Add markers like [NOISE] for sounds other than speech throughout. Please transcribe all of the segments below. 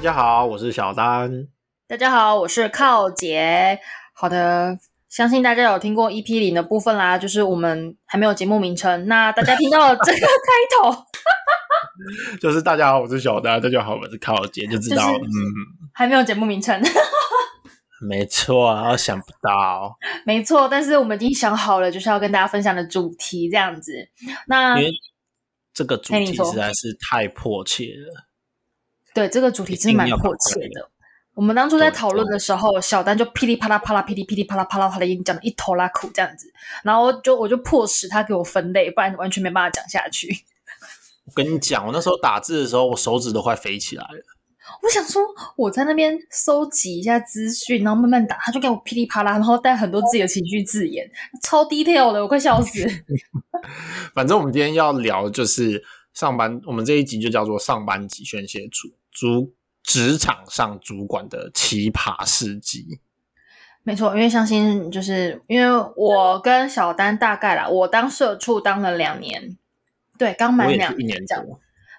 大家好，我是小丹。大家好，我是靠杰。好的，相信大家有聽過 EP 零的部分啦，就是我們還沒有節目名稱。那大家聽到了這個開頭， [LAUGHS] [LAUGHS] 就是大家好，我是小丹。大家好，我是靠杰，就知道，嗯，還沒有節目名稱。 [LAUGHS] 沒錯、啊，想不到。沒錯，但是我們已經想好了，就是要跟大家分享的主題，這樣子。那因為這個主題實在是太迫切了。對，這個主題真的蠻迫切的。我們當初在討論的時候，小丹就噼里啪啦啪啦噼里噼里啪啦啪啦，他的音講的一頭拉苦這樣子。然後就我就迫使他給我分類，不然完全沒辦法講下去。我跟你講，我那時候打字的時候，我手指都快飛起來了。我想說，我在那邊搜集一下資訊，然後慢慢打。他就給我噼里啪啦，然後帶很多自己的情緒字眼，超 detail 的，我快笑死。 [LAUGHS] 反正我們今天要聊就是上班，我們這一集就叫做“上班族宣洩處”。主職場上主管的奇葩事蹟，沒錯，因為相信就是因為我跟小丹大概啦，我當社畜當了兩年，對，剛滿兩年，一年這樣，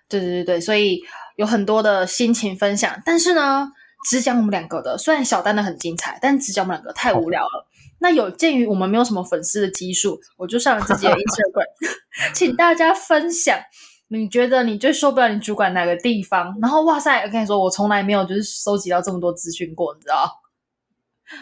對對對對，所以有很多的心情分享。但是呢，只講我們兩個的，雖然小丹的很精彩，但只講我們兩個太無聊了。哦、那有鑒於我們沒有什麼粉絲的基數，我就上了自己的 Instagram， [LAUGHS] [LAUGHS] 請大家分享。你覺得你最受不了你主管哪個地方？然後哇塞，我跟你說，我從來沒有就是收集到這麼多資訊過，你知道？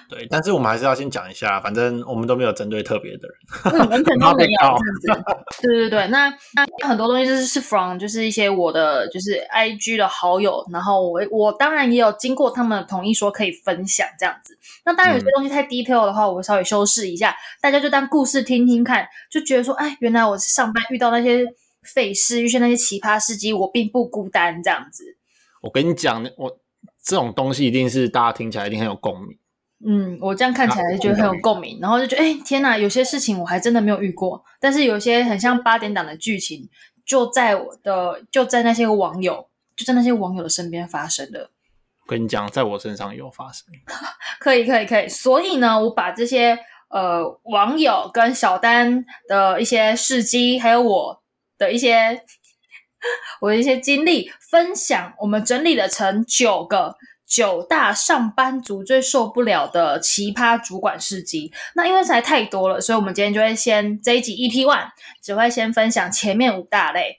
對，但是我們還是要先講一下，反正我們都沒有針對特別的人，完全都沒有。很很要要 [LAUGHS] 對對對，那那很多東西就是 from 就是一些我的就是 IG 的好友，然後我我當然也有經過他們同意說可以分享這樣子。那當然有些東西太 detail 的話，嗯，我稍微修飾一下，大家就當故事聽聽聽看，就覺得說，哎，原來我是上班遇到那些。費事遇見那些奇葩事蹟，我並不孤單。這樣子，我跟你講，我這種東西一定是大家聽起來一定很有共鳴。嗯，我這樣看起來覺得、啊、很有共鳴，共鳴，然後就覺得哎、欸，天哪，有些事情我還真的沒有遇過，但是有些很像八點檔的劇情，就在我的就在那些網友就在那些網友的身邊發生的。我跟你講，在我身上也有發生， [LAUGHS] 可以可以可以。所以呢，我把這些呃網友跟小丹的一些事蹟，還有我。的一些，我的一些經歷分享，我們整理了成九個九大上班族最受不了的奇葩主管事蹟。那因為實在太多了，所以我們今天就會先這一集 EP one 只會先分享前面五大類，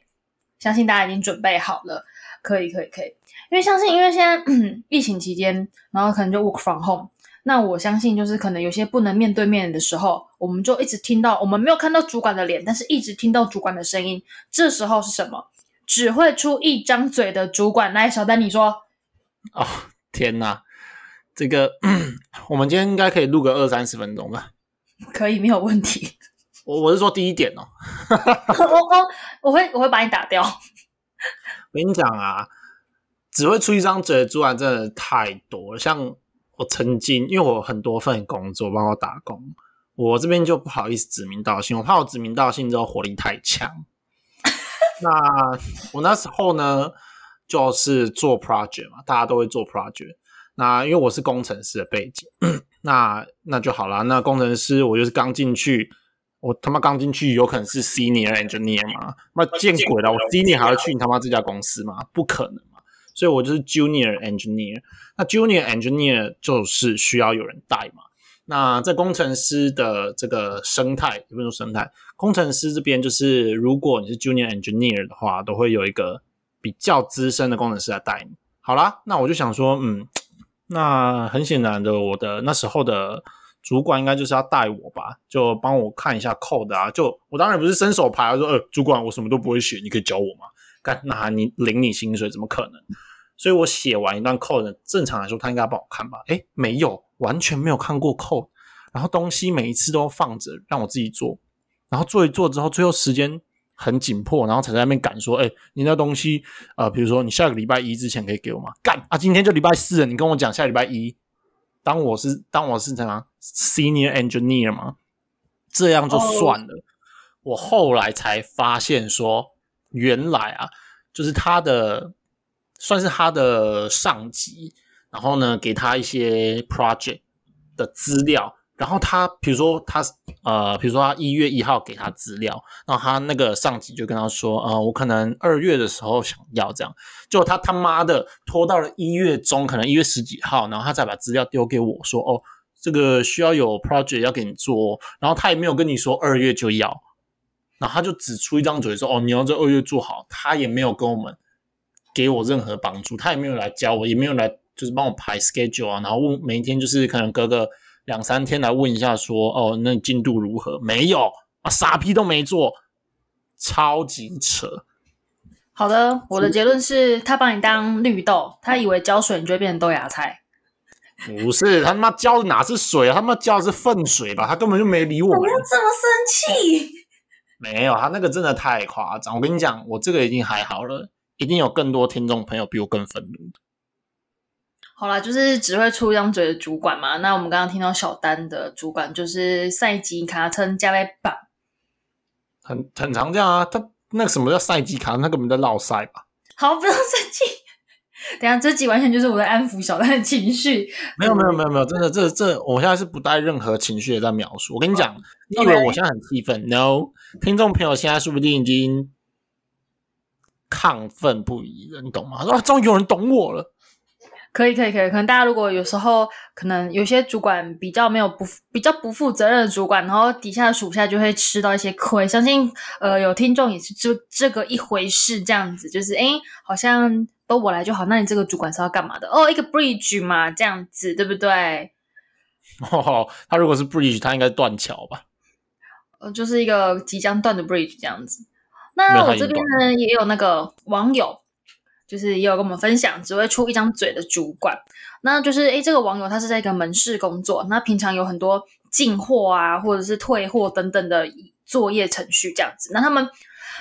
相信大家已經準備好了，可以可以可以。因為相信，因為現在嗯，疫情期間，然後可能就 work from home。那我相信，就是可能有些不能面對面的時候，我們就一直聽到，我們沒有看到主管的臉，但是一直聽到主管的聲音。這時候是什麼？只會出一張嘴的主管。那小丹，你說。哦天哪，這個我們今天應該可以錄個二三十分鐘吧？可以，沒有問題。我我是說第一點哦。 [LAUGHS] 我我我會我會把你打掉。我跟你講啊，只會出一張嘴的主管真的太多了，像。我曾經，因為我很多份工作，包括打工，我這邊就不好意思指名道姓，我怕我指名道姓之後火力太強。 [LAUGHS] 那我那時候呢，就是做 project 嘛，大家都會做 project。那因為我是工程師的背景， [COUGHS] 那那就好啦，那工程師，我就是剛進去，我他媽剛進去，有可能是 senior engineer 嘛？那見鬼了，鬼了我 senior 還要去你他媽這家公司嗎？不可能。所以我就是 junior engineer，那 junior engineer 就是需要有人帶嘛。那在工程師的這個生態，比如說生態工程師這邊，就是如果你是 junior engineer 的話，都會有一個比較資深的工程師來帶你。好啦，那我就想說，嗯，那很顯然的，我的那時候的主管應該就是要帶我吧，就幫我看一下 code 啊。就我當然不是伸手牌啊，說，呃，主管，我什麼都不會寫，你可以教我嗎？幹哪、啊？你領你薪水怎麼可能？所以我寫完一段 code，正常來說他應該幫我看吧？誒，沒有，完全沒有看過 code。然後東西每一次都放着讓我自己做，然後做一做之後，最後時間很緊迫，然後才在那邊趕說：“誒，你那東西，呃，比如說你下個禮拜一之前可以給我嗎？”幹啊，今天就禮拜四了，你跟我講下禮拜一。當我是當我是什麼 senior engineer 嘛？這樣就算了。Oh. 我後來才發現說。原來啊，就是他的算是他的上級，然後呢，給他一些 project 的資料，然後他比如說他呃，比如說他一月一號給他資料，然後他那個上級就跟他說，呃，我可能二月的時候想要這樣，就他他媽的拖到了一月中，可能一月十幾號，然後他才把資料丟給我說，哦，這個需要有 project 要給你做，然後他也沒有跟你說二月就要。然後他就只出一張嘴說：“哦，你要在二月做好。”他也沒有跟我們給我任何幫助，他也沒有來教我，也沒有來就是幫我排 schedule 啊。然後問每天就是可能隔個兩三天來問一下說：“哦，那進度如何？”沒有啊，傻逼都沒做，超級扯。好的，我的結論是他把你當綠豆，他以為澆水你就會變成豆芽菜。 [LAUGHS] 不是，他他媽澆的哪是水啊？他媽澆的是糞水吧？他根本就沒理我啊。不要這麼生氣。沒有，他那個真的太誇張。我跟你講，我這個已經還好了，一定有更多聽眾朋友比我更憤怒的。好啦，就是只會出一張嘴的主管嘛。那我們剛剛聽到小丹的主管就是賽季卡稱加杯板，很很常這樣啊。他那個什麼叫賽季卡？那根本在鬧賽吧。好，不要生氣。等一下這集完全就是我在安撫小丹的情緒。沒有沒有沒有沒有，真的這這，這我現在是不帶任何情緒在描述。我跟你講，你以、啊、為我現在很氣憤？No。聽眾朋友，現在說不定已經亢奮不已了，你懂嗎？說、啊、終於有人懂我了。可以，可以，可以。可能大家如果有時候，可能有些主管比較沒有不比較不負責任的主管，然後底下的屬下就會吃到一些虧。相信呃，有聽眾也是就這個一回事，這樣子就是，哎，好像都我來就好。那你這個主管是要幹嘛的？哦，一個 bridge 嘛，這樣子對不對？哦，他如果是 bridge，他應該是斷橋吧。呃，就是一個即將斷的 bridge 這樣子。那我這邊呢，也有那個網友，就是也有跟我們分享只會出一張嘴的主管。那就是，哎，這個網友他是在一個門市工作，那平常有很多進貨啊，或者是退貨等等的作業程序，這樣子。那他們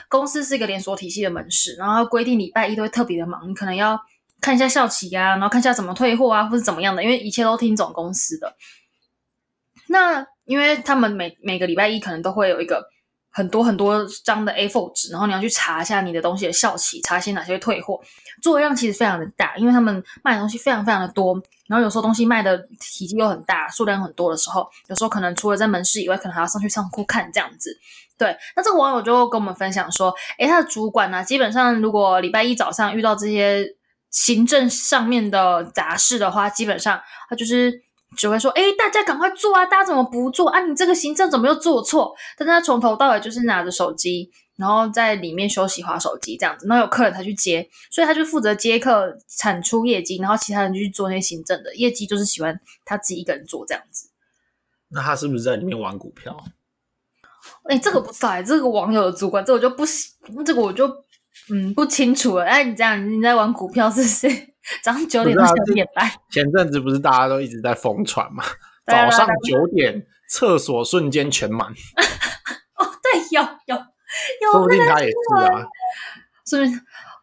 公司是一個連鎖體系的門市，然後規定禮拜一都會特別的忙，你可能要看一下效期啊，然後看一下怎麼退貨啊，或是怎麼樣的，因為一切都聽總公司的。那因為他們每每個禮拜一可能都會有一個很多很多張的 A4 紙，然後你要去查一下你的東西的效期，查一些哪些會退貨，作業量其實非常的大，因為他們賣的東西非常非常的多，然後有時候東西賣的體積又很大，數量很多的時候，有時候可能除了在門市以外，可能還要上去倉庫看這樣子。對，那這個網友就跟我們分享說，誒、欸、他的主管呢、啊，基本上如果禮拜一早上遇到這些行政上面的雜事的話，基本上他就是。就會說，哎，大家趕快做啊！大家怎麼不做啊？你這個行政怎麼又做錯？但是他從頭到尾就是拿着手機，然後在裡面休息、劃手機這樣子。然後有客人他去接，所以他就負責接客、產出業績，然後其他人就去做那些行政的業績，就是喜歡他自己一個人做這樣子。那他是不是在裡面玩股票？哎，這個不在這個網友的主管，這個、我就不行，這個我就。嗯，不清楚了。哎，你這樣，你在玩股票是不是？ [LAUGHS] 早上九點到十點半？啊、前陣子不是大家都一直在瘋傳嘛？啦啦啦，早上九點廁所瞬間全滿。 [LAUGHS] 哦，對，有有，有說不定他也是啊。是不是？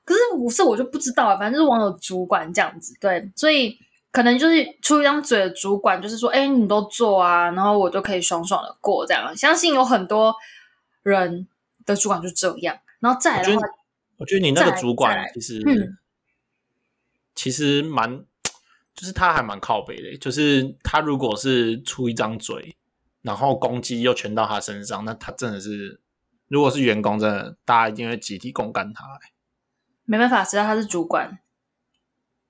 可是我是我就不知道啊，反正就是網友主管這樣子，對，所以可能就是出一張嘴的主管就是說，哎、欸，你都做啊，然後我就可以爽爽的過這樣。相信有很多人的主管就這樣，然後再來的話。我覺得你那個主管其實、嗯、其實蠻，就是他還蠻靠北的、欸。就是他如果是出一張嘴，然後攻擊又全到他身上，那他真的是，如果是員工，真的大家一定會集體攻幹他、欸。沒辦法，誰讓他是主管，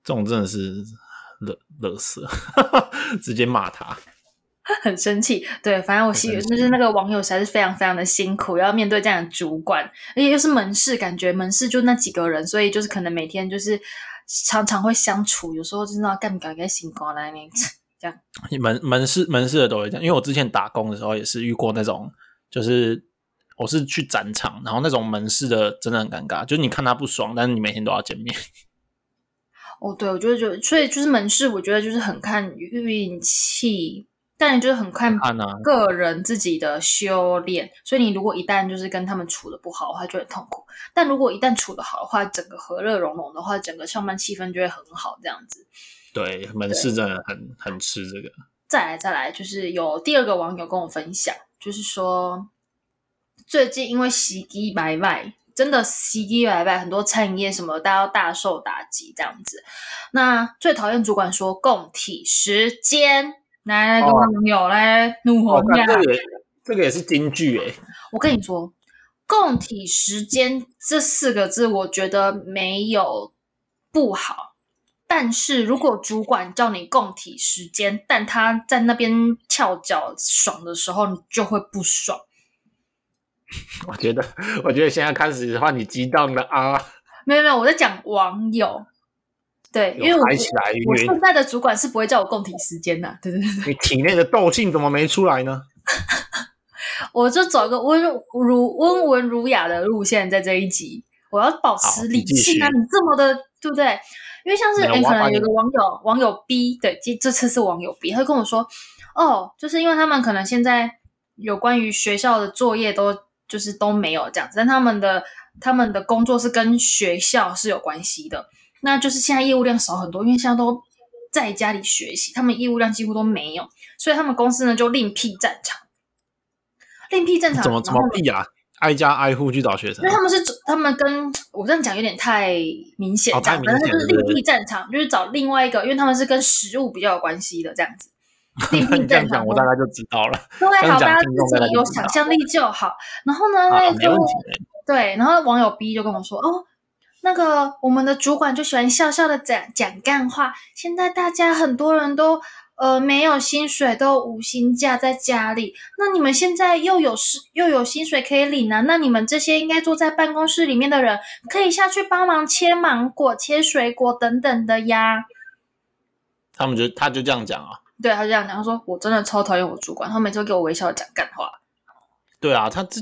這種真的是垃圾， [LAUGHS] 直接罵他。很生氣，對，反正我心裡就是那個網友，實在是非常非常的辛苦，要面對這樣的主管，而且又是門市，感覺門市就那幾個人，所以就是可能每天就是常常會相處，有時候真的幹不幹一個辛苦來，這樣。你門門市門市的都會這樣，因為我之前打工的時候也是遇過那種，就是我是去展場，然後那種門市的真的很尷尬，就是你看他不爽，但是你每天都要見面。哦，對，我覺得就所以就是門市，我覺得就是很看運氣。但你就是很看個人自己的修煉，啊、所以你如果一旦就是跟他們處得不好的話就很痛苦；但如果一旦處得好的話，整個和樂融融的話，整個上班氣氛就會很好，這樣子。對，門市真的很對很吃這個。再來再來，就是有第二個網友跟我分享，就是說最近因為時機、買賣真的時機、買賣很多餐飲業什麼的，大家都要大受打擊，這樣子。那最討厭主管說共體時艱。來來，網友、哦、來怒吼一下！這個也是金句哎、欸！我跟你說，“共體時間”這四個字，我覺得沒有不好，但是如果主管叫你共體時間，但他在那邊翹腳爽的時候，你就會不爽。我覺得，我覺得現在開始的話，你激動了啊！沒有沒有，我在講網友。對，因為我,雲雲我現在的主管是不會叫我共體時艱的、啊。對對對，你體內的鬥勁怎麼沒出來呢？ [LAUGHS] 我就走一個溫如,如溫文儒雅的路線，在這一集，我要保持理性啊！你,你這麼的，對不對？因為像是，可能有個網友網友 B，對，這次是網友 B，他就跟我說，哦，就是因為他們可能現在有關於學校的作業都就是都沒有這樣子，但他們的他們的工作是跟學校是有關係的。那就是現在業務量少很多，因為現在都在家裡學習，他們業務量幾乎都沒有，所以他們公司呢就另闢戰場，另闢戰場怎麼怎麼闢啊？挨家挨戶去找學生、啊，因為他們是他們跟我這樣講有點太明顯、哦，太明顯，但是就是另闢戰場，對對就是找另外一個，因為他們是跟食物比較有關係的這樣子。另闢 [LAUGHS] 戰場，我大概就知道了。對，好，大家自己有想象力就好。然後呢，就我對，然後網友 B 就跟我說哦。那個我們的主管就喜歡笑笑的講講幹話。現在大家很多人都呃沒有薪水，都無薪假在家裡。那你們現在又有事又有薪水可以領呢、啊？那你們這些應該坐在辦公室裡面的人，可以下去幫忙切芒果、切水果等等的呀。他們就他就這樣講啊。對，他就這樣講，他說我真的超討厭我主管，他每次給我微笑講幹話。對啊，他這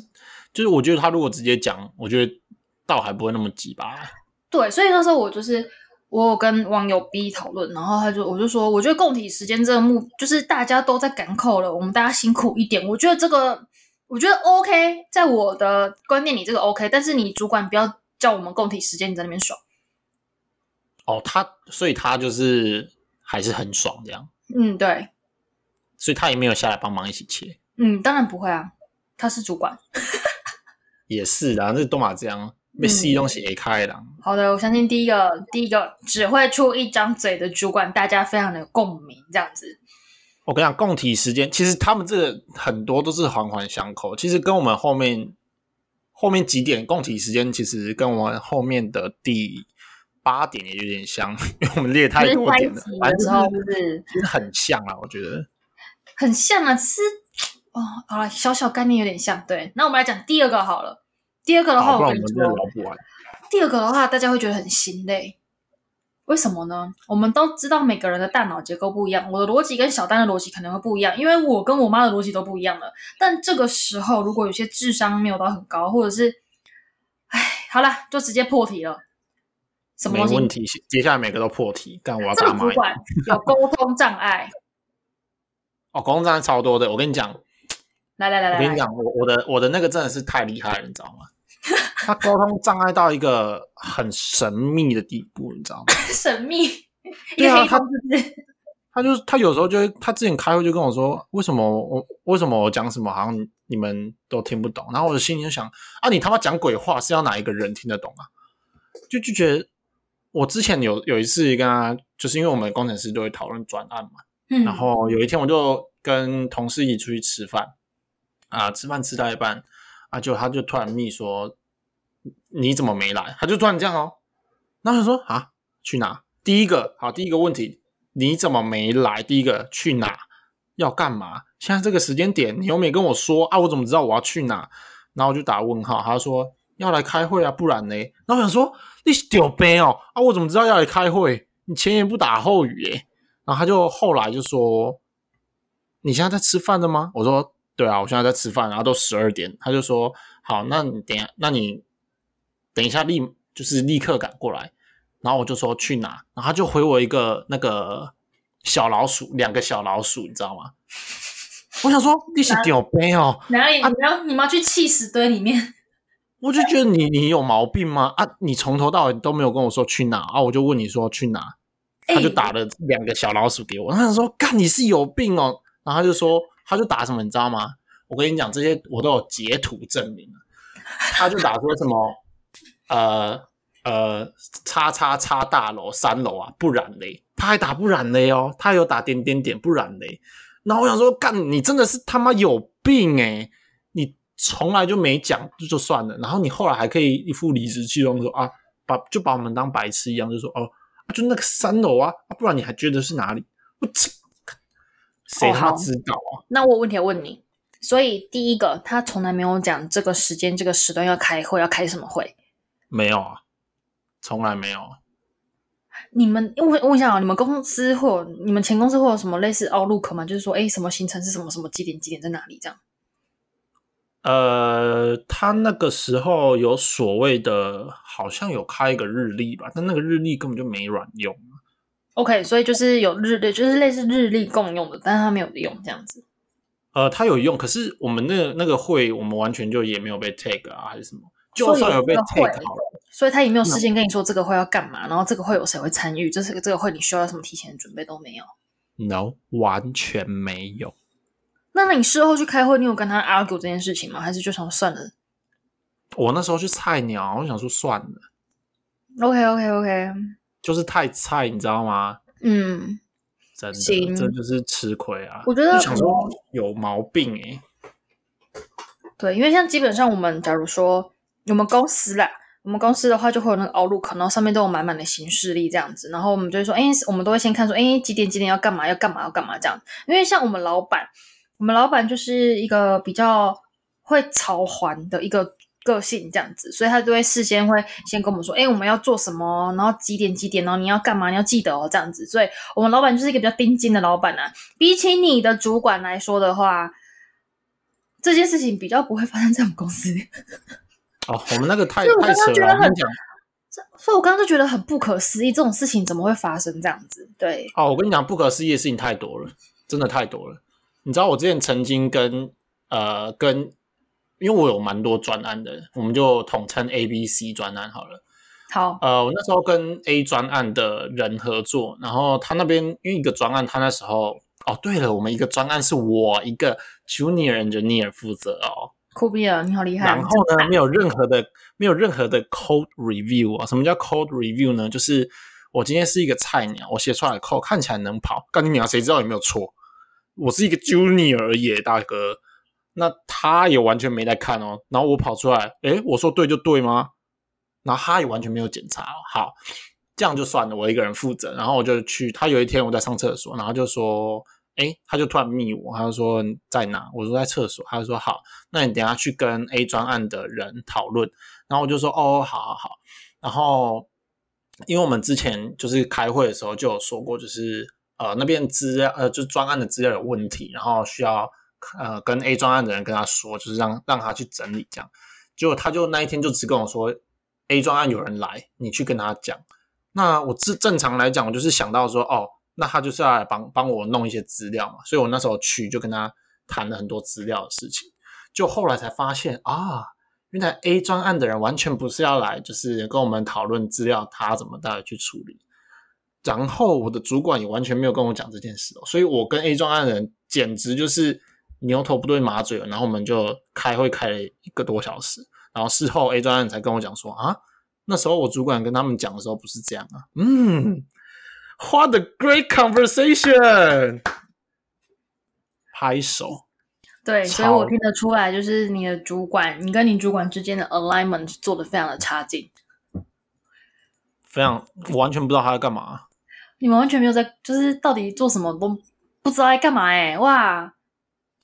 就是我覺得他如果直接講，我覺得。倒還不會那麼急吧？對，所以那時候我就是我有跟網友 B 討論，然後他就我就說，我覺得共體時艱這個目就是大家都在趕口了，我們大家辛苦一點，我覺得這個我覺得 OK，在我的觀念裡這個 OK，但是你主管不要叫我們共體時艱，你在那邊爽。哦，他所以他就是還是很爽這樣。嗯，對。所以他也沒有下來幫忙一起切。嗯，當然不會啊，他是主管。 [LAUGHS] 也是的、啊，這東馬這樣。被吸東西開了、嗯。好的，我相信第一個第一個只會出一張嘴的主管，大家非常的共鳴，這樣子。我跟你講，共體時間其實他們這個很多都是環環相扣，其實跟我們後面後面幾點共體時間，其實跟我們後面的第八點也有點像，因為我們列太多點了，完之後就是，其實很像啊，我覺得很像啊，其實，哦，好了，小小概念有點像。對，那我們來講第二個好了。第二個的話，我跟你說，第二個的話，大家會覺得很心累。為什麼呢？我們都知道每個人的大腦結構不一樣，我的邏輯跟小丹的邏輯可能會不一樣，因為我跟我媽的邏輯都不一樣了。但這個時候，如果有些智商沒有到很高，或者是，哎，好了，就直接破題了。什麼問題？接下來每個都破題。但我幹嘛？主管有溝通障礙。 [LAUGHS] 哦，溝通障礙超多的。我跟你講，來，來來來，我跟你講，我我的我的那個真的是太厲害了，你知道嗎？ [LAUGHS] 他溝通障礙到一個很神秘的地步，你知道嗎？ [LAUGHS] 神秘。對啊， [LAUGHS] 他 [LAUGHS] 他就他有時候就會，他之前開會就跟我說，為什麼我為什麼我講什麼好像你們都聽不懂？然後我的心裡就想啊，你他媽講鬼話是要哪一個人聽得懂啊？就就覺得我之前有有一次跟他，就是因為我們工程師都會討論專案嘛，嗯、然後有一天我就跟同事一起出去吃飯啊、呃，吃飯吃到一半啊，就他就突然密說。你怎麼沒來？他就突然這樣哦。然後他說：“啊，去哪？第一個好，第一個問題，你怎麼沒來？第一個去哪？要幹嘛？現在這個時間點，你有沒有跟我說啊？我怎麼知道我要去哪？然後我就打問號。他說要來開會啊，不然呢？然後我想說你是吊杯哦啊，我怎麼知道要來開會？你前言不搭後語耶。然後他就後來就說：你現在在吃飯的嗎？我說對啊，我現在在吃飯。然後都十二點，他就說：好，那你等下，那你。”等一下立，立就是立刻趕過來，然後我就說去哪？然後他就回我一個那個小老鼠，兩個小老鼠，你知道嗎？我想說你是屌杯哦，哪裡、啊、你要你要去起司堆裡面？我就覺得你你有毛病嗎？啊，你從頭到尾都沒有跟我說去哪啊？我就問你說去哪，他就打了兩個小老鼠給我，我想說，里幹，你是有病哦。然後他就說，他就打什麼，你知道嗎？我跟你講，這些我都有截圖證明，他就打說什麼。 [LAUGHS] 呃呃，叉叉叉大樓三樓啊，不然嘞，他還打不然嘞哦，他有打點點點不然嘞，然後我想說，幹你真的是他媽有病誒，你從來就沒講，就就算了。然後你後來還可以一副理直氣壯說啊，把就把我們當白痴一樣，就說哦、啊，就那個三樓啊，啊，不然你還覺得是哪裡？我操，誰他媽知道啊？哦、那我有問題要問你，所以第一個，他從來沒有講這個時間這個時段要開會要開什麼會。沒有啊，從來沒有啊。你們問問一下啊，你們公司或你們前公司或有什麼類似 Outlook 嘛，就是說，哎，什麼行程是什麼什麼幾點幾點在哪裡這樣？呃，他那個時候有所謂的，好像有開一個日曆吧，但那個日曆根本就沒卵用。OK，所以就是有日曆，就是類似日曆共用的，但是他沒有用這樣子。呃，他有用，可是我們那那個會，我們完全就也沒有被 take 啊，還是什麼？就算有，有被配，所以他也沒有事先跟你說這個會要幹嘛，No. 然後這個會有誰會參與，這是這個會你需要什麼提前準備都沒有，No，完全沒有。那那你事後去開會，你有跟他 argue、er、這件事情嗎？還是就想算了？我那時候去菜鳥，我想說算了。OK，OK，OK，okay, okay, okay. 就是太菜，你知道嗎？嗯，真的，這行就是吃虧啊。我覺得想說有毛病誒、欸。對，因為像基本上我們假如說。我們公司啦，我們公司的話就會有那個 Outlook，然後上面都有滿滿的行事曆，這樣子，然後我們就會說，哎，我們都會先看說，哎，幾點幾點要幹嘛，要幹嘛，要幹嘛這樣子。因為像我們老闆，我們老闆就是一個比較會朝還的一個個性這樣子，所以他都會事先會先跟我們說，哎，我們要做什麼，然後幾點幾點，哦，你要幹嘛，你要記得哦這樣子。所以我們老闆就是一個比較盯緊的老闆啊，比起你的主管來說的話，這件事情比較不會發生在我們公司。哦，我們那個太剛剛很太扯了。我跟你講，所以，我剛剛就覺得很不可思議，這種事情怎麼會發生這樣子？對。哦，我跟你講，不可思議的事情太多了，真的太多了。你知道，我之前曾經跟呃跟，因為我有蠻多專案的，我們就統稱 A、B、C 專案好了。好。呃，我那時候跟 A 專案的人合作，然後他那邊因為一個專案，他那時候哦，對了，我們一個專案是我一個 junior engineer 負責哦。酷斃了，你好厲害！然後呢，怕沒有任何的，沒有任何的 code review 啊？什麼叫 code review 呢？就是我今天是一個菜鳥，我寫出來的 code 看起來能跑，幹你娘啊，誰知道有沒有錯？我是一個 junior 而已，大哥。那他也完全沒在看哦。然後我跑出來，誒，我說對就對嗎？然後他也完全沒有檢查。好，這樣就算了，我一個人負責。然後我就去，他有一天我在上廁所，然後就說。誒，他就突然密我，他就說在哪？我說在廁所。他就說好，那你等下去跟 A 專案的人討論。然後我就說哦，好好好。然後因為我們之前就是開會的時候就有說過，就是呃那邊資料呃就是專案的資料有問題，然後需要呃跟 A 專案的人跟他說，就是讓讓他去整理這樣。結果他就那一天就只跟我說 A 專案有人來，你去跟他講。那我正正常來講，我就是想到說哦。那他就是要來幫幫我弄一些資料嘛，所以我那時候去就跟他談了很多資料的事情，就後來才發現啊，原來 A 專案的人完全不是要來，就是跟我們討論資料，他怎麼帶去處理。然後我的主管也完全沒有跟我講這件事喔，所以我跟 A 專案的人簡直就是牛頭不對馬嘴。然後我們就開會開了一個多小時，然後事後 A 專案才跟我講說啊，那時候我主管跟他們講的時候不是這樣啊，嗯。花的 great conversation，拍手。對，超所以我聽得出來，就是你的主管，你跟你主管之間的 alignment 做得非常的差勁，非常我完全不知道他在幹嘛。你完全沒有在，就是到底做什麼都不知道在幹嘛？哎，哇！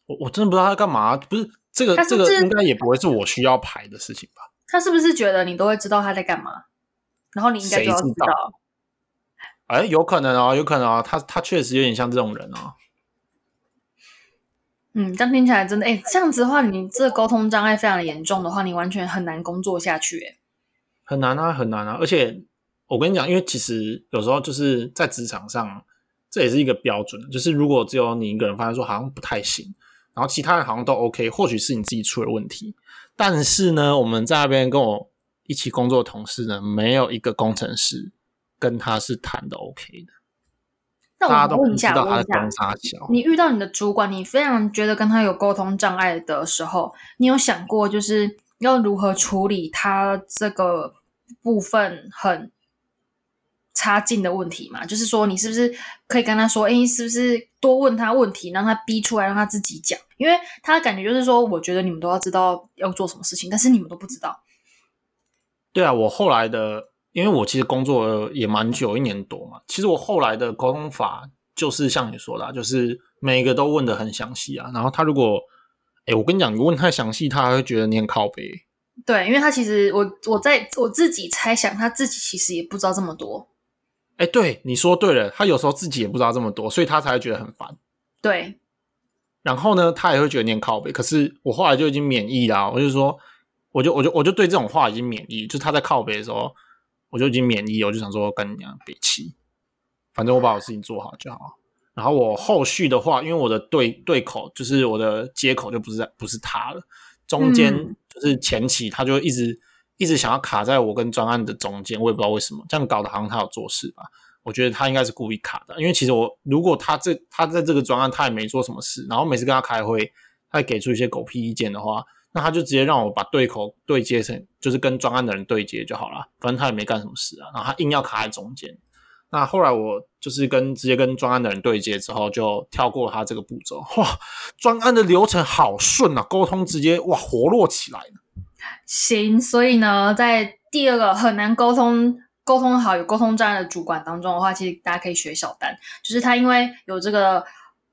我我真的不知道他在幹嘛。不是這個，這，這個應該也不會是我需要排的事情吧？他是不是覺得你都會知道他在幹嘛？然後你應該就要知道。哎，有可能哦，有可能哦。他他確實有點像這種人哦。嗯，這樣聽起來真的，哎，這樣子的話，你這個溝通障礙非常的嚴重的話，你完全很難工作下去，哎，很難啊，很難啊。而且我跟你講，因為其實有時候就是在職場上，這也是一個標準，就是如果只有你一個人發現說好像不太行，然後其他人好像都 OK，或許是你自己出了問題，但是呢，我們在那邊跟我一起工作的同事呢，沒有一個工程師。跟他是談的 OK 的，那我問一下，我問一下，你遇到你的主管，你非常覺得跟他有溝通障礙的時候，你有想過就是要如何處理他這個部分很差勁的問題嗎？就是說，你是不是可以跟他說，哎、欸，是不是多問他問題，讓他逼出來，讓他自己講？因為他的感覺就是說，我覺得你們都要知道要做什麼事情，但是你們都不知道。對啊，我後來的。因為我其實工作也蠻久，一年多嘛。其實我後來的溝通法就是像你說的，啊，就是每一個都問得很詳細啊。然後他如果，誒我跟你講，你問太詳細，他會覺得你很靠北。對，因為他其實我我在我自己猜想，他自己其實也不知道這麼多。誒對，你說對了，他有時候自己也不知道這麼多，所以他才會覺得很煩。對。然後呢，他也會覺得你很靠北。可是我後來就已經免疫啦，啊，我就說，我就我就我就對這種話已經免疫，就是他在靠北的時候。我就已經免疫了，我就想說跟你講比氣，反正我把我事情做好就好。嗯、然後我後續的話，因為我的對對口就是我的接口就不是在不是他了，中間就是前期他就一直一直想要卡在我跟專案的中間，我也不知道為什麼，這樣搞得好像他有做事吧？我覺得他應該是故意卡的，因為其實我如果他這他在這個專案他也沒做什麼事，然後每次跟他開會，他也給出一些狗屁意見的話。那他就直接讓我把對口對接成，就是跟專案的人對接就好了，反正他也沒幹什麼事啊。然後他硬要卡在中間。那後來我就是跟直接跟專案的人對接之後，就跳過了他這個步驟。哇，專案的流程好順啊，溝通直接哇活絡起來了。行，所以呢，在第二個很難溝通、溝通好、有溝通障礙的主管當中的話，其實大家可以學小丹，就是他因為有這個。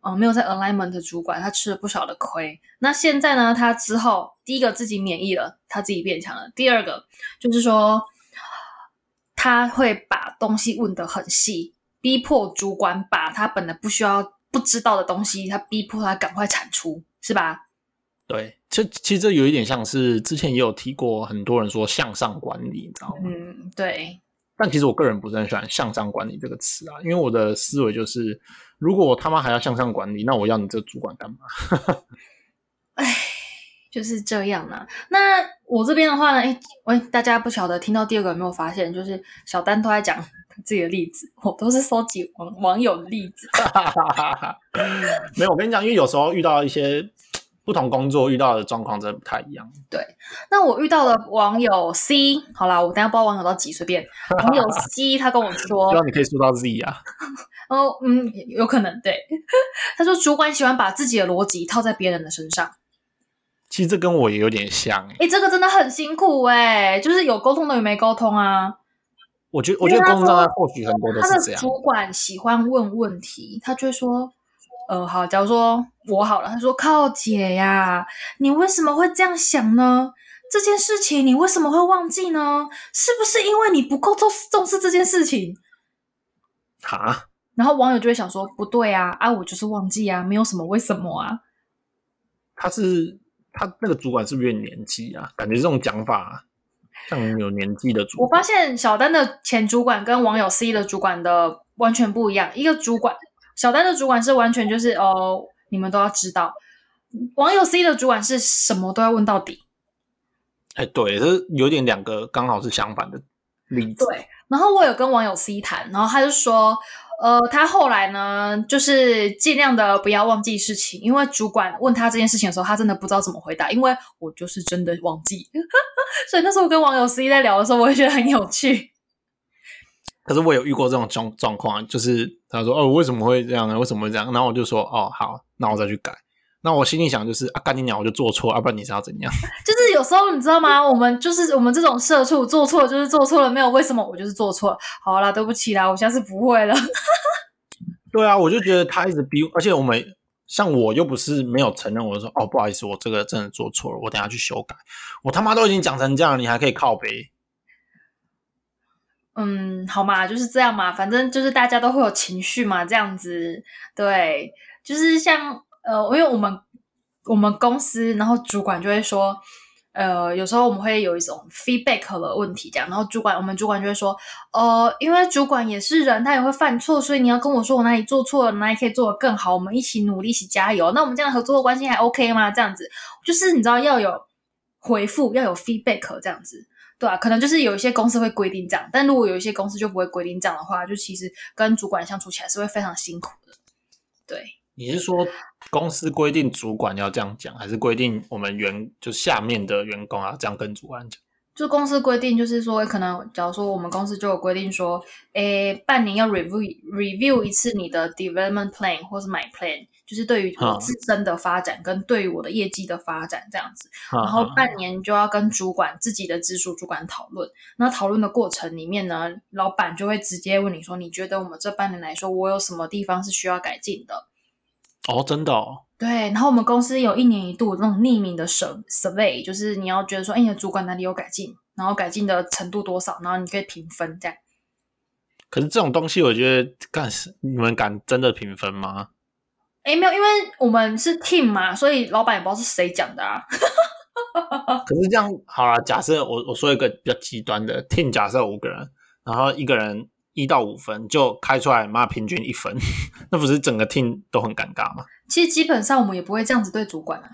哦，沒有在 alignment 主管，他吃了不少的虧。那現在呢？他之後第一個自己免疫了，他自己變強了。第二個就是說，他會把東西問得很細，逼迫主管把他本來不需要、不知道的東西，他逼迫他趕快產出，是吧？對，這其實這有一點像是之前也有提過，很多人說向上管理，你知道嗎？嗯，對。但其實我個人不是很喜歡“向上管理”這個詞啊，因為我的思維就是。如果我他媽還要向上管理，那我要你這主管幹嘛？哎， [LAUGHS] 就是這樣啦、啊。那我這邊的話呢？哎，餵，大家不曉得聽到第二個有沒有發現，就是小丹都在講自己的例子，我都是搜集網網友的例子。 [LAUGHS] [LAUGHS] 沒有，我跟你講，因為有時候遇到一些。不同工作遇到的狀況真的不太一樣。對，那我遇到的網友 C，好啦，我等一下不知道網友到幾，隨便。網友 C 他跟我說， [LAUGHS] 希望你可以說到 Z 啊。哦，嗯，有可能對。他說主管喜歡把自己的邏輯套在別人的身上。其實這跟我也有點像、欸。誒、欸、這個真的很辛苦哎、欸，就是有溝通的，有沒溝通啊？我覺得，我覺得溝通上或許很多都是這樣。他他他的主管喜歡問問題，嗯，他就會說。呃，好，假如說我好了，他說，靠姐呀、啊，你為什麼會這樣想呢？這件事情你為什麼會忘記呢？是不是因為你不夠重重視這件事情？啊哈？然後網友就會想說，不對啊，啊，我就是忘記啊，沒有什麼為什麼啊。他是他那個主管是不是有點年紀啊？感覺這種講法啊，像有年紀的主管。我發現小丹的前主管跟網友 C 的主管的完全不一樣，一個主管。小丹的主管是完全就是哦，你們都要知道。網友 C 的主管是什麼都要問到底。哎、欸，對，就是有點兩個剛好是相反的例子。對，然後我有跟網友 C 談，然後他就說，呃，他後來呢，就是盡量的不要忘記事情，因為主管問他這件事情的時候，他真的不知道怎麼回答，因為我就是真的忘記。 [LAUGHS] 所以那時候我跟網友 C 在聊的時候，我也覺得很有趣。可是我有遇過這種狀狀況，就是他說哦，為什麼會這樣呢？為什麼會這樣？然後我就說哦，好，那我再去改。那我心裡想就是啊，幹你娘，我就做錯，要、啊、不然你是要怎樣？就是有時候你知道嗎？我們就是我們這種社畜做錯了就是做錯了，沒有為什麼，我就是做錯了。好啦，對不起啦，我下次不會了。 [LAUGHS] 對啊，我就覺得他一直逼，而且我們像我又不是沒有承認，我就說哦，不好意思，我這個真的做錯了，我等下去修改。我他媽都已經講成這樣，你還可以靠北？嗯，好嘛，就是這樣嘛，反正就是大家都會有情緒嘛，這樣子。對，就是像呃，因為我們我們公司，然後主管就會說，呃，有時候我們會有一種 feedback 的問題，這樣。然後主管，我們主管就會說，哦、呃，因為主管也是人，他也會犯錯，所以你要跟我說我哪裡做錯了，哪裡可以做得更好，我們一起努力，一起加油。那我們這樣合作的關係還 OK 嗎？這樣子，就是你知道要有回復，要有 feedback 這樣子。對啊，可能就是有一些公司會規定這樣，但如果有一些公司就不會規定這樣的話，就其實跟主管相處起來是會非常辛苦的。對，你是說公司規定主管要這樣講，還是規定我們員就下面的員工要這樣跟主管講？就公司規定，就是說可能，假如說我們公司就有規定說，誒，半年要 review review 一次你的 development plan 或是 my plan。就是對於我自身的發展，跟對於我的業績的發展這樣子，然後半年就要跟主管自己的直屬主管討論。那討論的過程裡面呢，老闆就會直接問你說：“你覺得我們這半年來說，我有什麼地方是需要改進的？”哦，真的哦？對。然後我們公司有一年一度那種匿名的 sur survey，就是你要覺得說：“哎，你的主管哪裡有改進，然後改進的程度多少，然後你可以評分這樣。”可是這種東西，我覺得幹你們敢真的評分嗎？誒，沒有，因為我們是 team 嘛，所以老闆也不知道是誰講的啊。 [LAUGHS] 可是這樣好啦，假設我我說一個比較極端的 team，假設五個人，然後一個人一到五分就開出來，那平均一分， [LAUGHS] 那不是整個 team 都很尷尬嗎？其實基本上我們也不會這樣子對主管啊，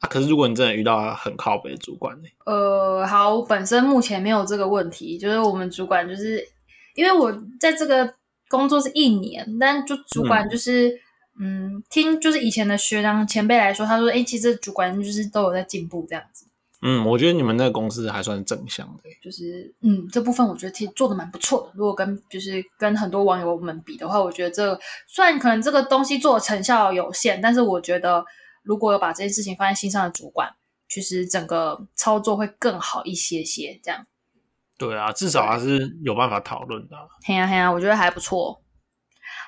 啊。可是如果你真的遇到很靠北的主管呢？呃，好，本身目前沒有這個問題，就是我們主管就是，因為我在這個工作是一年，但就主管就是。嗯嗯，聽就是以前的學長前輩來說，他說，哎、欸，其實主管就是都有在進步這樣子。嗯，我覺得你們那個公司還算正向的。就是，嗯，這部分我覺得做的蠻不錯的。如果跟就是跟很多網友們比的話，我覺得這雖然可能這個東西做的成效有限，但是我覺得如果有把這件事情放在心上的主管，其實整個操作會更好一些些這樣。對啊，至少還是有辦法討論的。嘿呀嘿呀，我覺得還不錯。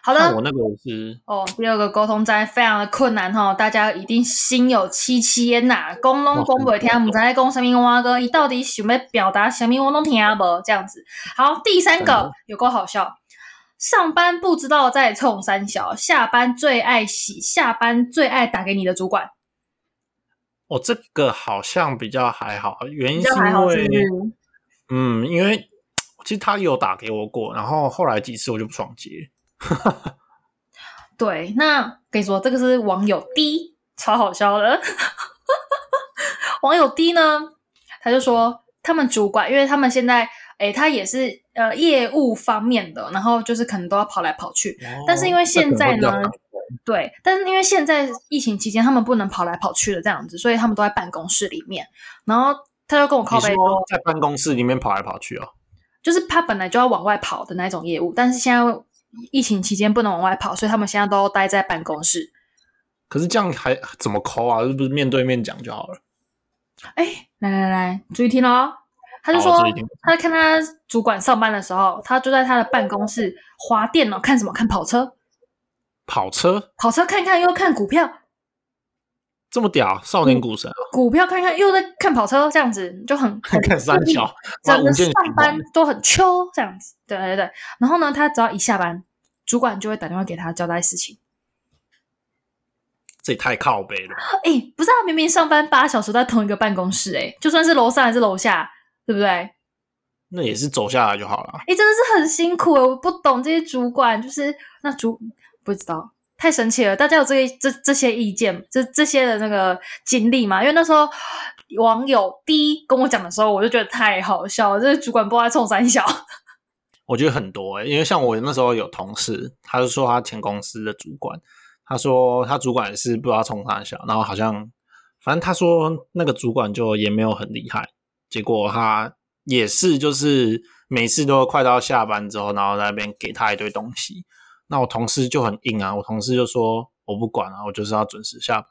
好的，我那個是哦。第二個溝通在非常的困難哈，大家一定心有戚戚焉吶。公龍公北天母在公身邊，汪哥你到底喜沒表達，什麼？我都聽啊。不，這樣子？好，第三個麼有夠好笑，上班不知道在衝三小，下班最愛洗，下班最愛打給你的主管。我、哦、這個好像比較還好，原因是因為是是嗯，因為其實他有打給我過，然後後來幾次我就不爽接。哈哈， [LAUGHS] 對，那跟你說，這個是網友 D 超好笑的。 [LAUGHS] 網友 D 呢，他就說他們主管，因為他們現在哎，他也是呃業務方面的，然後就是可能都要跑來跑去。哦、但是因為現在呢，對，但是因為現在疫情期間，他們不能跑來跑去的這樣子，所以他們都在辦公室裡面。然後他就跟我靠北說在辦公室裡面跑來跑去哦，就是他本來就要往外跑的那種業務，但是現在。疫情期間不能往外跑，所以他們現在都待在辦公室。可是這樣還怎麼摳啊？是不是面對面講就好了？哎、欸，來來來，注意聽哦。他就說，他在看他主管上班的時候，他就在他的辦公室滑電腦、喔，看什麼？看跑車？跑車？跑車看看，又看股票。這麼屌，少年股神，股票看看，又在看跑車，這樣子就很很三小，整個 [LAUGHS] 球上班都很 Q，這樣子，哇對對對。然後呢，他只要一下班，主管就會打電話給他交代事情。這也太靠北了。哎、欸，不知道、啊、明明上班八小時在同一個辦公室、欸，哎，就算是樓上還是樓下，對不對？那也是走下來就好了。哎、欸，真的是很辛苦、欸、我不懂這些主管，就是那主不知道。太神奇了！大家有這這這些意見，這這些的那個經歷嗎？因為那時候網友第一跟我講的時候，我就覺得太好笑了，這、就是、主管不知道衝三小。我覺得很多誒、欸。因為像我那時候有同事，他就說他前公司的主管，他說他主管是不知道衝三小，然後好像反正他說那個主管就也沒有很厲害，結果他也是就是每次都快到下班之後，然後在那邊給他一堆東西。那我同事就很硬啊！我同事就說：“我不管啊，我就是要準時下班。”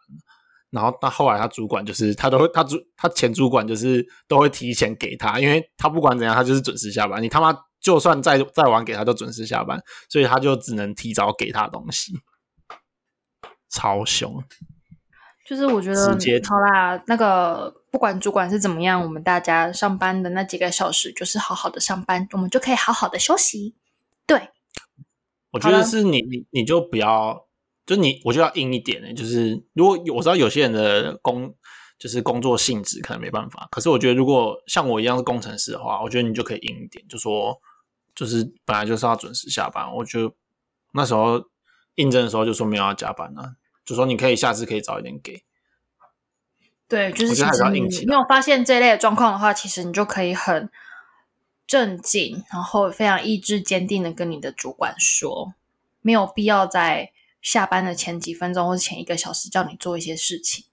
然後到後來他主管就是他都會他主他前主管就是都會提前給他，因為他不管怎樣他就是準時下班。你他媽就算再再晚給他，都準時下班，所以他就只能提早給他的東西。超凶！就是我覺得直接好啦，那個不管主管是怎麼樣，我們大家上班的那幾個小時就是好好的上班，我們就可以好好的休息。對。我覺得是你你吧你就不要，就你我就要硬一點，欸、就是如果我知道有些人的工就是工作性質可能沒辦法，可是我覺得如果像我一樣是工程師的話，我覺得你就可以硬一點，就說就是本來就是要準時下班，我就那時候應徵的時候就說沒有要加班啊，就說你可以下次可以早一點給。對，就是其實你沒有發現這一類的狀況的話，其實你就可以很。鎮靜，然後非常意志堅定的跟你的主管說，沒有必要在下班的前幾分鐘或者前一個小時叫你做一些事情，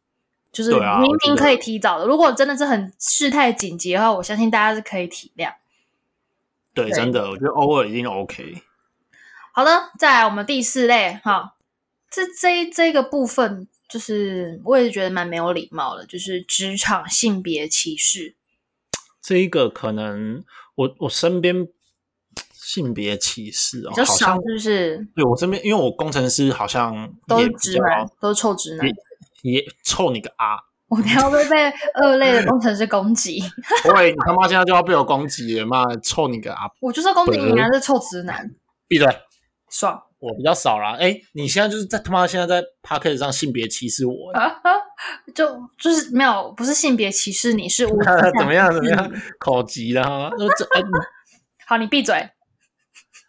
就是明明可以提早的。啊、如果真的是很事態緊急的話，我相信大家是可以體諒。對，對真的，我覺得偶爾一定 OK。好的，再來我們第四類，哈，這這這一個部分，就是我也覺得蠻沒有禮貌的，就是職場性別歧視。這一個可能。我我身邊性別歧視哦，比較少好像就是，是不是對我身邊，因為我工程師好像好都是直男，也都是臭直男，你臭你個啊！我等下會被二類的工程師攻擊，喂， [LAUGHS] 你他媽現在就要被我攻擊，媽臭你個啊！我就說攻擊你，應該是臭直男？閉嘴，爽帥。我比較少啦，哎、欸，你現在就是在他媽現在在 Podcast 上性別歧視我、啊啊，就就是沒有不是性別歧視你，是污 [LAUGHS] 怎麼樣怎麼樣，口急啦、啊呃、嗯，好，你閉嘴，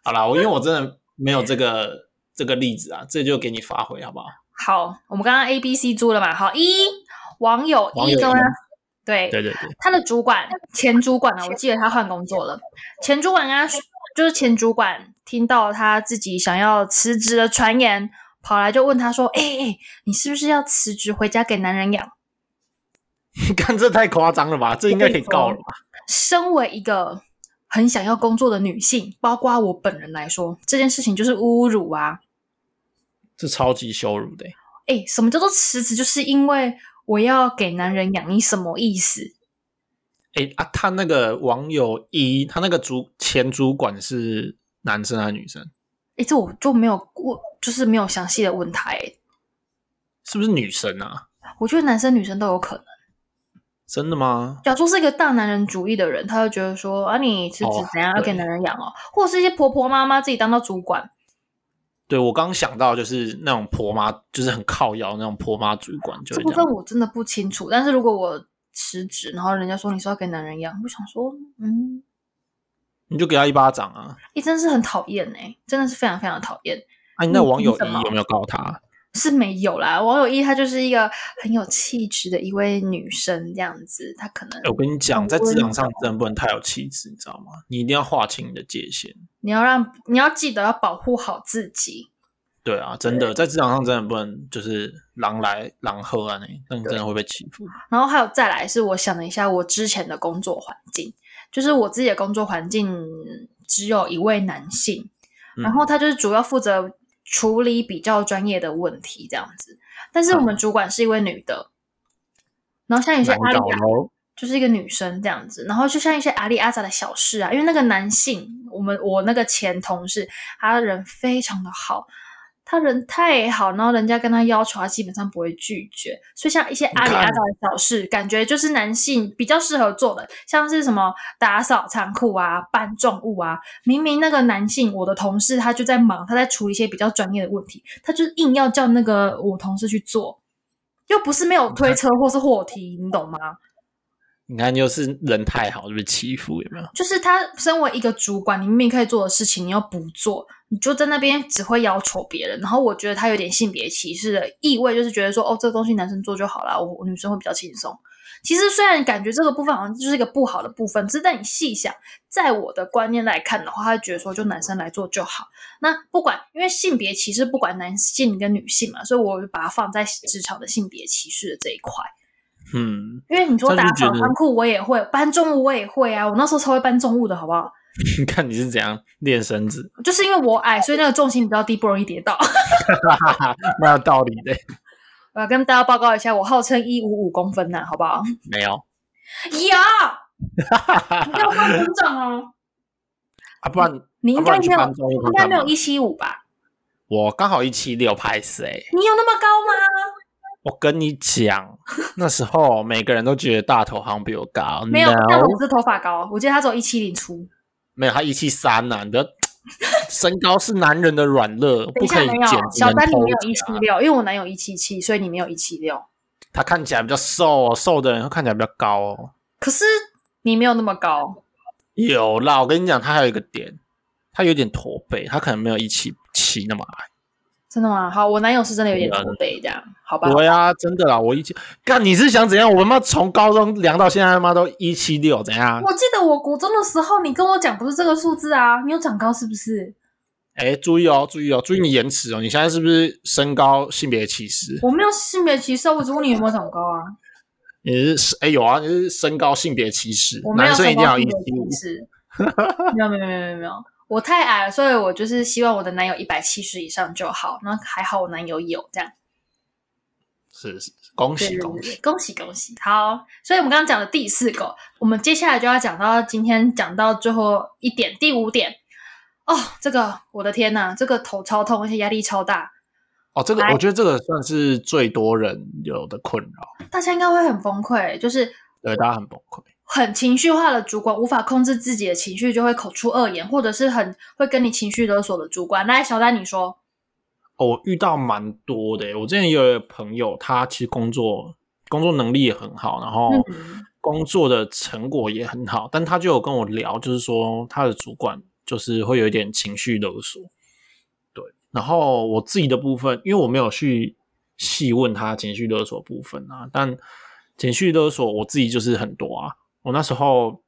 好啦，我因為我真的沒有這個對這個例子啊，這就給你發揮好不好？好，我們剛剛 A B C 租了嘛，好一、e, 網友一、e，友對對對,對他的主管前主管啊，我記得他換工作了，前主管跟他說。就是前主管聽到他自己想要辭職的傳言，跑來就問他說：“哎、欸、哎，你是不是要辭職回家給男人養？”你看這太誇張了吧？這應該可以告了吧？身為一個很想要工作的女性，包括我本人來說，這件事情就是侮辱啊，這超級羞辱的、欸。哎、欸，什麼叫做辭職？就是因為我要給男人養？你什麼意思？哎、欸、啊，他那個網友一、e，他那個主前主管是男生還是女生？哎、欸，這我就沒有，我就是沒有詳細的問他、欸，哎，是不是女生啊？我覺得男生女生都有可能。真的嗎？假如說是一個大男人主義的人，他會覺得說啊，你是怎樣要給男人養哦，哦或者是一些婆婆媽媽自己當到主管。對，我剛想到就是那種婆媽，就是很靠腰那種婆媽主管，就這，這部分我真的不清楚。但是如果我。辭職，然後人家說你是要給男人養，我想說，嗯，你就給他一巴掌啊！你、欸、真的是很討厭哎，真的是非常非常討厭、啊、你的討厭。哎，那網友一有沒有告他？是沒有啦，網友一她就是一個很有氣質的一位女生，這樣子，她可能、欸。我跟你講，在職場上，人不能太有氣質，你知道嗎？你一定要劃清你的界限，你要讓你要記得要保護好自己。對啊，真的對在職場上真的不能就是狼來狼喝啊，你對，那你真的會被欺負。然後還有再來是我想了一下，我之前的工作環境，就是我自己的工作環境只有一位男性，然後他就是主要負責處理比較專業的問題這樣子。但是我們主管是一位女的，啊、然後像一些阿里阿，嗯、就是一個女生這樣子。然後就像一些阿哩阿雜的小事啊，因為那個男性，我們我那個前同事，他人非常的好。他人太好，然後人家跟他要求，他基本上不會拒絕。所以像一些阿里阿雜的小事，看感覺就是男性比較適合做的，像是什麼打掃倉庫啊、搬重物啊。明明那個男性，我的同事他就在忙，他在處理一些比較專業的問題，他就硬要叫那個我同事去做，又不是沒有推車或是貨梯，你懂嗎？你看，又是人太好，是不是欺負有沒有？就是他身為一個主管，你明明可以做的事情，你又不做，你就在那邊只會要求別人。然後我覺得他有點性別歧視的意味，就是覺得說，哦，這個東西男生做就好啦，我女生會比較輕鬆。其實雖然感覺這個部分好像就是一個不好的部分，只是但你細想，在我的觀念來看的話，他覺得說就男生來做就好。那不管因為性別歧視，不管男性跟女性嘛，所以我就把它放在職場的性別歧視的這一塊。嗯，因為你說打掃倉庫，我也會搬重物，我也會啊。我那時候超會搬重物的，好不好？你 [LAUGHS] 看你是怎樣練身子？就是因為我矮，所以那個重心比較低，不容易跌倒。沒 [LAUGHS] [LAUGHS] 有道理的。我要跟大家報告一下，我號稱一五五公分呢、啊，好不好？沒有，有， [LAUGHS] 你要換成長哦。 [LAUGHS] 啊，不然你,你應該沒有，應該沒有一七五吧？我剛好一七六拍謝，你有那麼高嗎？我跟你講，那時候每個人都覺得大頭好像比我高， [LAUGHS] 沒有，No 但我不是頭髮高，我覺得他只有一七零出，沒有，他一七三啊，你的 [LAUGHS] 身高是男人的軟肋， [LAUGHS] 我不可以剪。有能小丹，你沒有一七六，因為我男友一七七，所以你沒有一七六。他看起來比較瘦，哦，瘦的人看起來比較高哦。可是你沒有那麼高。有啦，我跟你講，他還有一個點，他有點駝背，他可能沒有一七七那麼矮。真的嗎？好，我男友是真的有點自卑，這樣對、啊、好吧？我呀、啊，真的啦，我一七，幹，你是想怎樣？我他媽從高中量到現在，他媽都一七六，怎樣？我記得我國中的時候，你跟我講不是這個數字啊？你有長高是不是？哎，注意哦，注意哦，注意你言辭哦！你現在是不是身高性別歧視？我沒有性別歧視，我只問你有沒有長高啊？你是哎有啊？你是身高性別歧視？我沒有要身高，男生一定要一七五，有沒有，沒有，沒有，沒有。我太矮了，所以我就是希望我的男友一百七十以上就好。那還好我男友有這樣，是，是，是，恭喜，對對對，恭喜恭喜恭喜。好，所以我們剛剛講的第四個，我們接下來就要講到今天講到最後一點第五點。哦，這個我的天吶，這個頭超痛，而且壓力超大。哦，這個唉，我覺得這個算是最多人有的困擾，大家應該會很崩潰，就是對，大家很崩潰。很情緒化的主管，無法控制自己的情緒，就會口出惡言，或者是很會跟你情緒勒索的主管。那小丹你說。我、哦、遇到蠻多的。我之前有一個朋友，他其實工作工作能力也很好，然後工作的成果也很好，嗯嗯。但他就有跟我聊，就是說他的主管就是會有一點情緒勒索。對，然後我自己的部分，因為我沒有去細問他情緒勒索部分啊，但情緒勒索我自己就是很多啊。我那時候，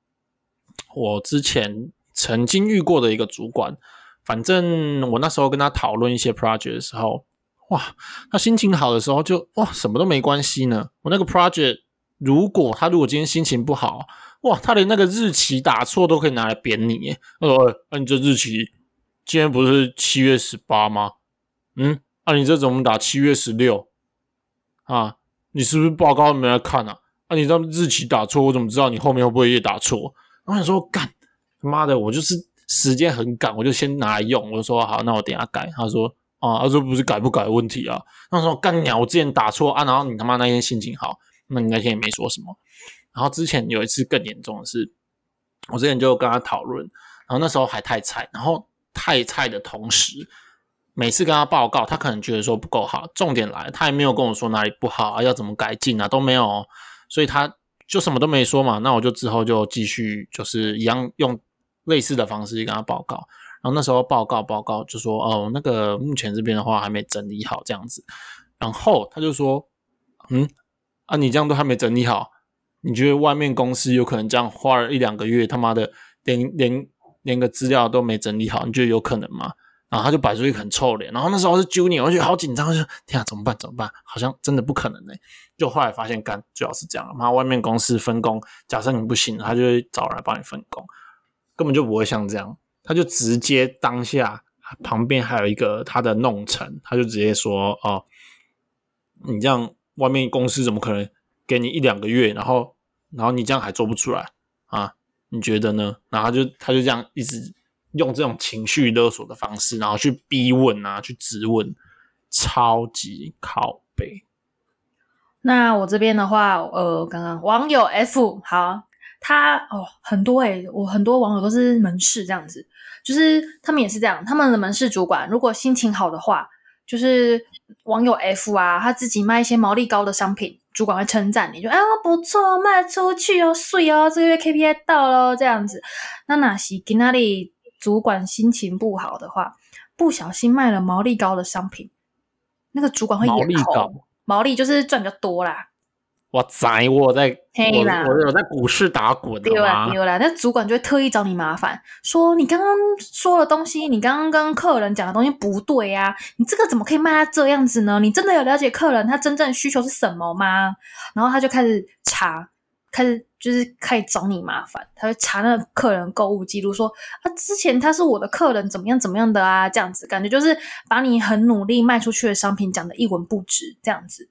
我之前曾經遇過的一個主管，反正我那時候跟他討論一些 project 的時候，哇，他心情好的時候就哇，什麼都沒關係呢。我那個 project，如果他如果今天心情不好，哇，他連那個日期打錯都可以拿來扁你耶。他說哎：“哎，你這日期今天不是七月十八嗎？嗯，啊，你這怎麼打七月十六？啊，你是不是報告沒來看啊？”那、啊、你知道日期打錯，我怎麼知道你後面會不會也打錯？然後我說幹他媽的，我就是時間很趕，我就先拿來用。我就說好，那我等一下改。他說啊，他、啊、說不是改不改問題啊。那時候幹娘，我之前打錯啊，然後你他媽那天心情好，那你那天也沒說什麼。然後之前有一次更嚴重的是，我之前就跟他討論，然後那時候還太菜，然後太菜的同時，每次跟他報告，他可能覺得說不夠好。重點來了，他也沒有跟我說哪裡不好啊，要怎麼改進啊，都沒有。所以他就什麼都沒說嘛，那我就之後就繼續就是一樣用類似的方式去跟他報告，然後那時候報告報告就說，哦，那個目前這邊的話還沒整理好這樣子，然後他就說，嗯，啊，你這樣都還沒整理好，你覺得外面公司有可能這樣花了一兩個月，他媽的連連連個資料都沒整理好，你覺得有可能嗎？然後他就擺出一個很臭臉，然後那時候是揪你，我覺得好緊張，我就天啊，怎麼辦怎麼辦？好像真的不可能呢。就後來發現幹，幹最好是這樣，然後外面公司分工，假設你不行，他就會找人來幫你分工，根本就不會像這樣，他就直接當下旁邊還有一個他的弄臣，他就直接說哦，你這樣外面公司怎麼可能給你一兩個月，然後然後你這樣還做不出來啊？你覺得呢？然後他就他就這樣一直。用這種情緒勒索的方式，然後去逼問啊，去質問，超級靠北。那我這邊的話，呃，剛剛網友 F 好，他哦很多誒、欸、我很多網友都是門市這樣子，就是他們也是這樣，他們的門市主管如果心情好的話，就是網友 F 啊，他自己賣一些毛利高的商品，主管會稱讚你就，就、欸、哎不錯，賣出去哦，稅哦，這個月 KPI 到嘍、哦，這樣子。那哪些跟哪裡？主管心情不好的話，不小心賣了毛利高的商品，那個主管會咬你一口。毛利就是賺的多啦。哇塞，我在，我我在股市打滾嗎？有啦，有啦。那主管就會特意找你麻煩，說你剛剛說的東西，你剛剛跟客人講的東西不對呀、啊，你這個怎麼可以賣到這樣子呢？你真的有了解客人他真正的需求是什麼嗎？然後他就開始查。開始就是開始找你麻煩，他會查那客人購物記錄，說啊，之前他是我的客人，怎麼樣怎麼樣的啊，這樣子感覺就是把你很努力賣出去的商品講的一文不值，這樣子，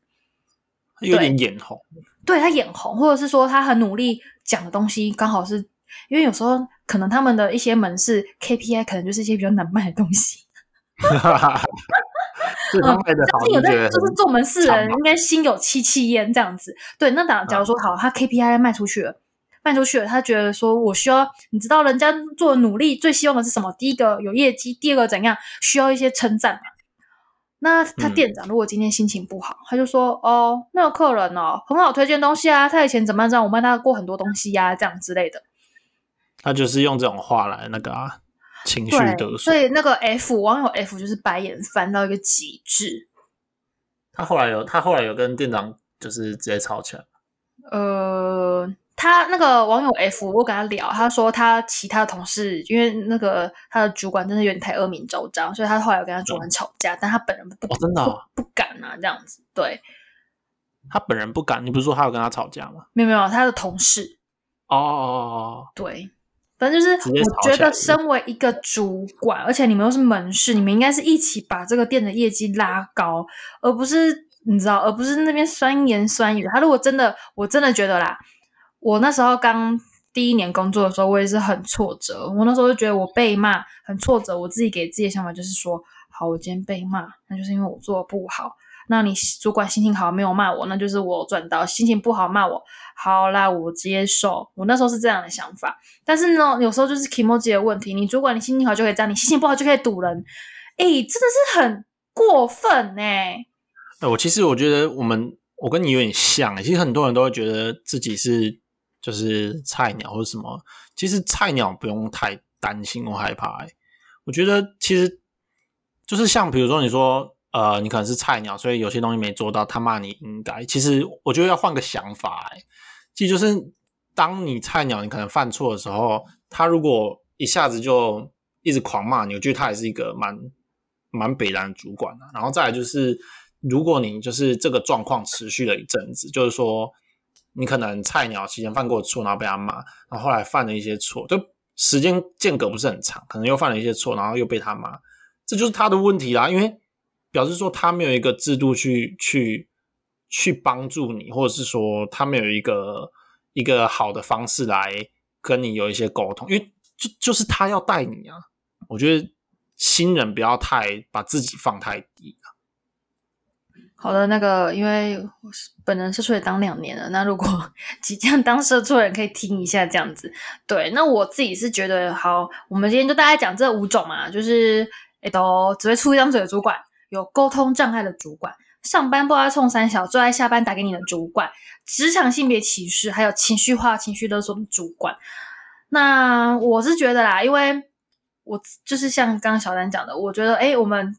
有點眼紅，對,對他眼紅，或者是說他很努力講的東西，剛好是因為有時候可能他們的一些門市 KPI 可能就是一些比較難賣的東西。 [LAUGHS] [LAUGHS] 嗯，是就是有就是做門市人應該心有戚戚焉這樣子。對，那當假如說好，他 KPI 賣出去了，嗯、賣出去了，他覺得說，我需要，你知道，人家做的努力、嗯、最希望的是什麼？第一個有業績，第二個怎樣，需要一些稱讚嘛。那他店長如果今天心情不好，嗯、他就說：“哦，那個、客人哦，很好推薦東西啊，他以前怎麼樣，這我幫他過很多東西呀、啊，這樣之類的。”他就是用這種話來那個啊。情緒得，所以那個 F 網友 F 就是白眼翻到一個極致。他後來有，他後來有跟店長就是直接吵起來了。呃，他那個網友 F，我跟他聊，他說他其他同事，因為那個他的主管真的有點太惡名昭彰，所以他後來有跟他主管吵架，嗯、但他本人不、哦、真的、哦、不，不敢啊，這樣子對。他本人不敢，你不是說他有跟他吵架嗎？沒有沒有，他的同事。哦哦哦哦，對。反正就是，我覺得身為一個主管，而且你們又是門市，你們應該是一起把這個店的業績拉高，而不是你知道，而不是那邊酸言酸語。他如果真的，我真的覺得啦，我那時候剛第一年工作的時候，我也是很挫折。我那時候就覺得我被罵很挫折，我自己給自己的想法就是說，好，我今天被罵，那就是因為我做的不好。那你主管心情好沒有罵我，那就是我賺到；心情不好罵我，好啦，我接受。我那時候是這樣的想法，但是呢，有時候就是 Kimoji 的問題。你主管你心情好就可以這樣，你心情不好就可以堵人，哎、欸，真的是很過分呢、欸。那、欸、我其實我覺得，我們我跟你有點像、欸，其實很多人都會覺得自己是就是菜鳥或者什麼。其實菜鳥不用太擔心或害怕、欸。哎，我覺得其實就是像比如說你說。呃，你可能是菜鳥，所以有些東西沒做到，他罵你應該。其實我覺得要換個想法、欸，其實就是當你菜鳥，你可能犯錯的時候，他如果一下子就一直狂罵你，我覺得他也是一個蠻蠻北爛的主管了、啊。然後再來就是，如果你就是這個狀況持續了一陣子，就是說你可能菜鳥期間犯過錯，然後被他罵，然後後來犯了一些錯，就時間間隔不是很長，可能又犯了一些錯，然後又被他罵，這就是他的問題啦，因為。表示說他沒有一個制度去去去幫助你，或者是說他沒有一個一個好的方式來跟你有一些溝通，因為就就是他要帶你啊。我覺得新人不要太把自己放太低了啊。好的，那個因為我是本人是出來當兩年了，那如果即將當社畜的人可以聽一下這樣子。對，那我自己是覺得好，我們今天就大概講這五種嘛，就是欸都只會出一張嘴的主管。有溝通障礙的主管，上班不拉衝三小，最愛下班打給你的主管，職場性別歧視，還有情緒化、情緒勒索的主管。那我是覺得啦，因為我就是像剛剛小丹講的，我覺得，誒、欸、我們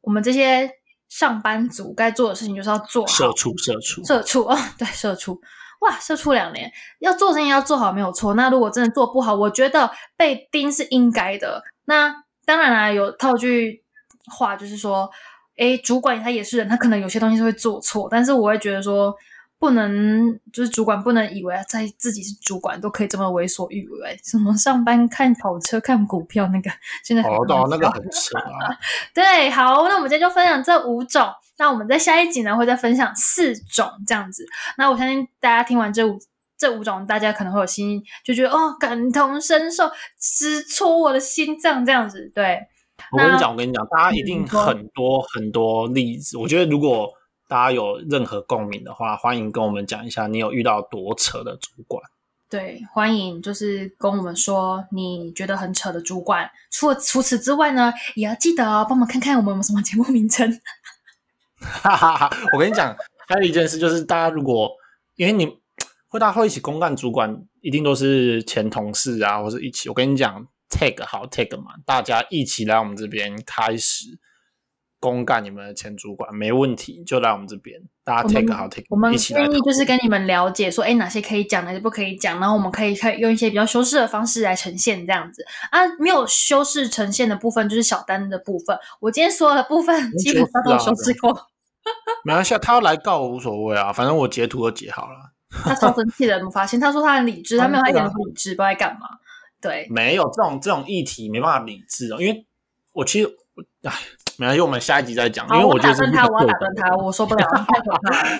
我們這些上班族該做的事情就是要做社畜，社畜，社畜、哦，對，社畜。哇，社畜兩年，要做生意要做好沒有錯。那如果真的做不好，我覺得被盯是應該的。那當然啦、啊，有套句。話就是說，誒主管他也是人，他可能有些東西是會做錯，但是我會覺得說，不能就是主管不能以為在自己是主管都可以這麼為所欲為，什麼上班看跑車、看股票那個，現在好，懂那個很扯啊。 [LAUGHS] 對，好，那我們今天就分享這五種，那我們在下一集呢會再分享四種這樣子。那我相信大家聽完這五這五種，大家可能會有心意，就覺得哦，感同身受，直戳我的心臟這樣子，對。那我跟你講，我跟你講，大家一定很多很多例子。我覺得如果大家有任何共鳴的話，歡迎跟我們講一下，你有遇到多扯的主管。對，歡迎就是跟我們說你覺得很扯的主管。除了除此之外呢，也要記得、哦、幫忙看看我們有什麼節目名稱。哈哈哈！我跟你講，還有一件事就是，大家如果因為你會大家會一起公幹，主管一定都是前同事啊，或是一起。我跟你講。Take 好 Take 嘛，take take man, 大家一起來我們這邊開始公幹，你們的前主管沒問題，就來我們這邊。大家 Take 好 Take 我們建議就是跟你們了解說，哎，哪些可以講，哪些不可以講，然後我們可以可以用一些比較修飾的方式來呈現這樣子啊。沒有修飾呈現的部分就是小丹的部分。我今天所有的部分基本上都修飾過。沒關係，他要來告我無所謂啊，反正我截圖都截好了。 [LAUGHS] 他超生氣的，怎麼發現？他說他很理智，他沒有他一點的理智，啊、不知道在幹嘛。對，沒有這種這種議題沒辦法理智哦，因為我其實，哎，沒關係，我們下一集再講。因為我覺得，他，我打斷他，我受不了，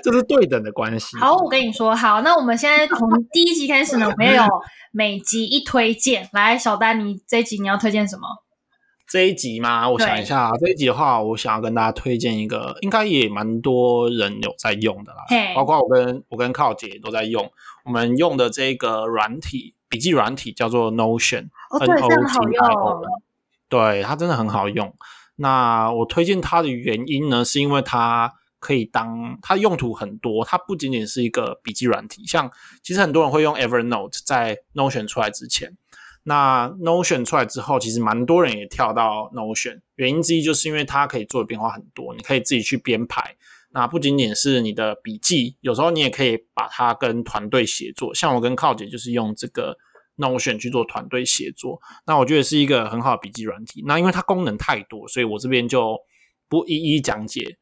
這是對等的關係。好，我跟你說，好，那我們現在從第一集開始呢，我們要每集一推薦。來，小丹，你這一集你要推薦什麼？這一集嘛，我想一下，這一集的話，我想要跟大家推薦一個，應該也蠻多人有在用的啦。包括我跟我跟靠姐都在用，我們用的這個軟體。筆記軟體叫做 Notion，哦，對，這樣好用。對，它真的很好用。那我推薦它的原因呢，是因為它可以當，它用途很多，它不僅僅是一個筆記軟體。像其實很多人會用 Evernote，在 Notion 出來之前，那 Notion 出來之後，其實蠻多人也跳到 Notion。原因之一就是因為它可以做的變化很多，你可以自己去編排。那不僅僅是你的筆記，有時候你也可以把它跟團隊協作。像我跟靠姐就是用這個 Notion 去做團隊協作。那我覺得是一個很好的筆記軟體。那因為它功能太多，所以我這邊就不一一講解，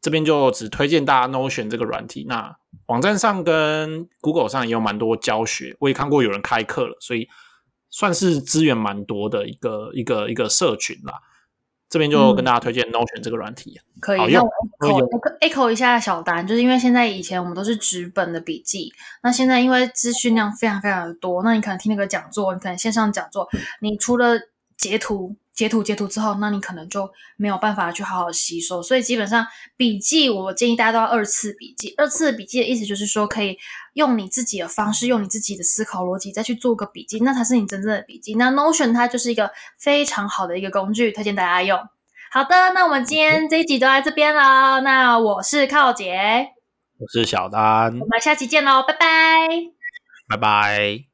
這邊就只推薦大家 Notion 這個軟體。那網站上跟 Google 上也有蠻多教學，我也看過有人開課了，所以算是資源蠻多的一個一個一個社群啦。這邊就跟大家推薦 Notion 這個軟體、嗯，可以。用那我 echo，echo 一下小單，就是因為現在以前我們都是紙本的筆記，那現在因為資訊量非常非常的多，那你可能聽那個講座，你可能線上講座，你除了截圖、截圖、截圖之後，那你可能就沒有辦法去好好吸收，所以基本上筆記我建議大家都要二次筆記。二次筆記的意思就是說可以。用你自己的方式，用你自己的思考邏輯，再去做個筆記，那才是你真正的筆記。那 Notion 它就是一個非常好的一個工具，推薦大家用。好的，那我們今天這一集都在這邊了。Okay. 那我是靠傑，我是小丹，我們下期見嘍，拜拜，拜拜。